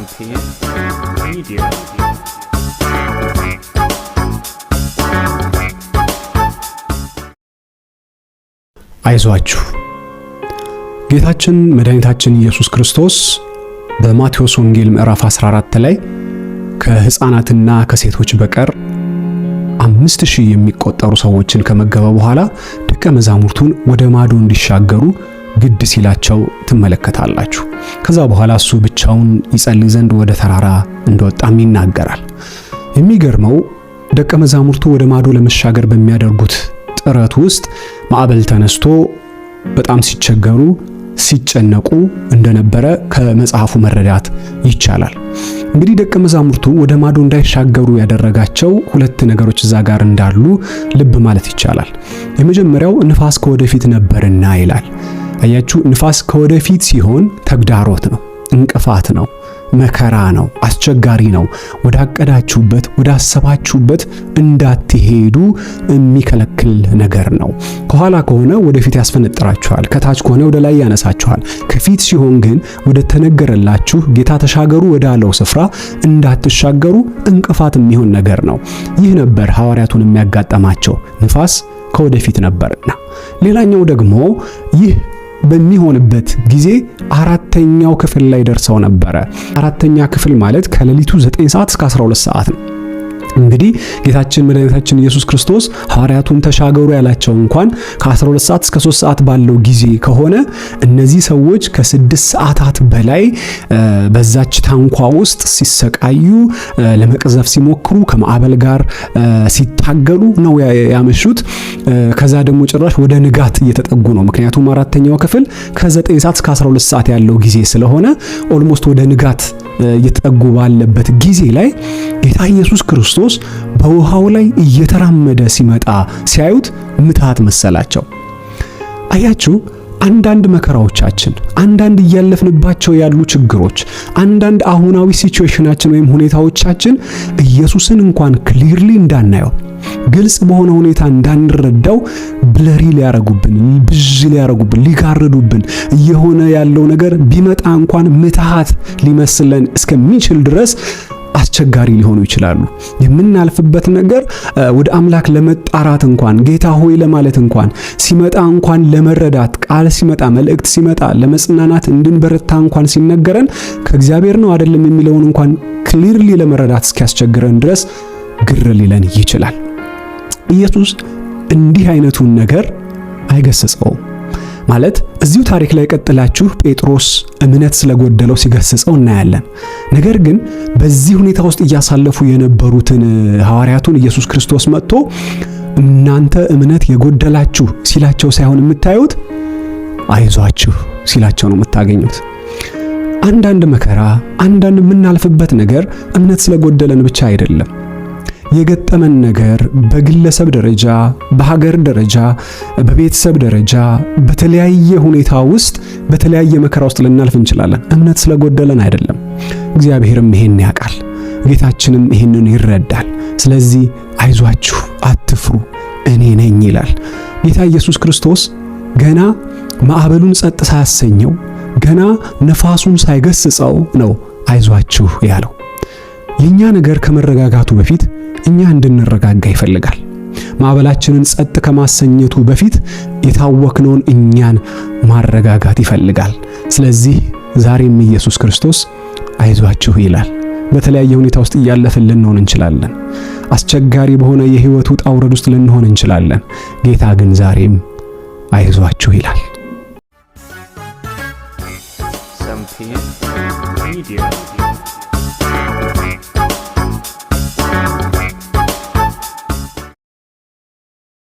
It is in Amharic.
welcome Media. አይዟችሁ ጌታችን መድኃኒታችን ኢየሱስ ክርስቶስ በማቴዎስ ወንጌል ምዕራፍ 14 ላይ ከሕፃናትና ከሴቶች በቀር አምስት ሺህ የሚቆጠሩ ሰዎችን ከመገበ በኋላ ደቀ መዛሙርቱን ወደ ማዶ እንዲሻገሩ ግድ ሲላቸው ትመለከታላችሁ። ከዛ በኋላ እሱ ብቻውን ይጸልይ ዘንድ ወደ ተራራ እንደወጣም ይናገራል። የሚገርመው ደቀ መዛሙርቱ ወደ ማዶ ለመሻገር በሚያደርጉት ጥረት ውስጥ ማዕበል ተነስቶ በጣም ሲቸገሩ ሲጨነቁ እንደነበረ ከመጽሐፉ መረዳት ይቻላል። እንግዲህ ደቀ መዛሙርቱ ወደ ማዶ እንዳይሻገሩ ያደረጋቸው ሁለት ነገሮች እዛ ጋር እንዳሉ ልብ ማለት ይቻላል። የመጀመሪያው ንፋስ ከወደፊት ነበርና ይላል። አያችሁ፣ ንፋስ ከወደፊት ሲሆን ተግዳሮት ነው፣ እንቅፋት ነው፣ መከራ ነው፣ አስቸጋሪ ነው። ወዳቀዳችሁበት ወዳሰባችሁበት እንዳትሄዱ የሚከለክል ነገር ነው። ከኋላ ከሆነ ወደፊት ያስፈነጥራችኋል፣ ከታች ከሆነ ወደ ላይ ያነሳችኋል። ከፊት ሲሆን ግን ወደ ተነገረላችሁ ጌታ ተሻገሩ ወዳለው ስፍራ እንዳትሻገሩ እንቅፋት የሚሆን ነገር ነው። ይህ ነበር ሐዋርያቱን የሚያጋጠማቸው ንፋስ ከወደፊት ነበርና። ሌላኛው ደግሞ ይህ በሚሆንበት ጊዜ አራተኛው ክፍል ላይ ደርሰው ነበረ። አራተኛ ክፍል ማለት ከሌሊቱ 9 ሰዓት እስከ 12 ሰዓት ነው። እንግዲህ ጌታችን መድኃኒታችን ኢየሱስ ክርስቶስ ሐዋርያቱን ተሻገሩ ያላቸው እንኳን ከ12 ሰዓት እስከ 3 ሰዓት ባለው ጊዜ ከሆነ እነዚህ ሰዎች ከስድስት ሰዓታት በላይ በዛች ታንኳ ውስጥ ሲሰቃዩ፣ ለመቅዘፍ ሲሞክሩ፣ ከማዕበል ጋር ሲታገሉ ነው ያመሹት። ከዛ ደግሞ ጭራሽ ወደ ንጋት እየተጠጉ ነው። ምክንያቱም አራተኛው ክፍል ከ9 ሰዓት እስከ 12 ሰዓት ያለው ጊዜ ስለሆነ ኦልሞስት ወደ ንጋት እየተጠጉ ባለበት ጊዜ ላይ ጌታ ኢየሱስ ክርስቶስ በውሃው ላይ እየተራመደ ሲመጣ ሲያዩት ምትሃት መሰላቸው። አያችሁ አንዳንድ መከራዎቻችን፣ አንዳንድ እያለፍንባቸው ያሉ ችግሮች፣ አንዳንድ አሁናዊ ሲቹዌሽናችን ወይም ሁኔታዎቻችን ኢየሱስን እንኳን ክሊርሊ እንዳናየው ግልጽ በሆነ ሁኔታ እንዳንረዳው ብለሪ ሊያረጉብን ብዥ ሊያረጉብን ሊጋርዱብን እየሆነ ያለው ነገር ቢመጣ እንኳን ምትሃት ሊመስለን እስከሚችል ድረስ አስቸጋሪ ሊሆኑ ይችላሉ። የምናልፍበት ነገር ወደ አምላክ ለመጣራት እንኳን ጌታ ሆይ ለማለት እንኳን ሲመጣ እንኳን ለመረዳት ቃል ሲመጣ መልእክት ሲመጣ ለመጽናናት እንድንበረታ እንኳን ሲነገረን ከእግዚአብሔር ነው አይደለም የሚለውን እንኳን ክሊርሊ ለመረዳት እስኪያስቸግረን ድረስ ግር ሊለን ይችላል። ኢየሱስ እንዲህ አይነቱን ነገር አይገሰጸውም። ማለት እዚሁ ታሪክ ላይ ቀጥላችሁ ጴጥሮስ እምነት ስለጎደለው ሲገስጸው እናያለን። ነገር ግን በዚህ ሁኔታ ውስጥ እያሳለፉ የነበሩትን ሐዋርያቱን ኢየሱስ ክርስቶስ መጥቶ እናንተ እምነት የጎደላችሁ ሲላቸው ሳይሆን የምታዩት አይዟችሁ ሲላቸው ነው የምታገኙት። አንዳንድ መከራ፣ አንዳንድ የምናልፍበት ነገር እምነት ስለጎደለን ብቻ አይደለም። የገጠመን ነገር በግለሰብ ደረጃ፣ በሀገር ደረጃ፣ በቤተሰብ ደረጃ በተለያየ ሁኔታ ውስጥ በተለያየ መከራ ውስጥ ልናልፍ እንችላለን። እምነት ስለጎደለን አይደለም። እግዚአብሔርም ይሄን ያውቃል፣ ጌታችንም ይሄንን ይረዳል። ስለዚህ አይዟችሁ፣ አትፍሩ፣ እኔ ነኝ ይላል ጌታ ኢየሱስ ክርስቶስ። ገና ማዕበሉን ጸጥ ሳያሰኘው ገና ነፋሱን ሳይገስጸው ነው አይዟችሁ ያለው። የኛ ነገር ከመረጋጋቱ በፊት እኛ እንድንረጋጋ ይፈልጋል። ማዕበላችንን ጸጥ ከማሰኘቱ በፊት የታወክነውን እኛን ማረጋጋት ይፈልጋል። ስለዚህ ዛሬም ኢየሱስ ክርስቶስ አይዟችሁ ይላል። በተለያየ ሁኔታ ውስጥ እያለፍን ልንሆን እንችላለን። አስቸጋሪ በሆነ የህይወት ውጣ ውረድ ውስጥ ልንሆን እንችላለን። ጌታ ግን ዛሬም አይዟችሁ ይላል።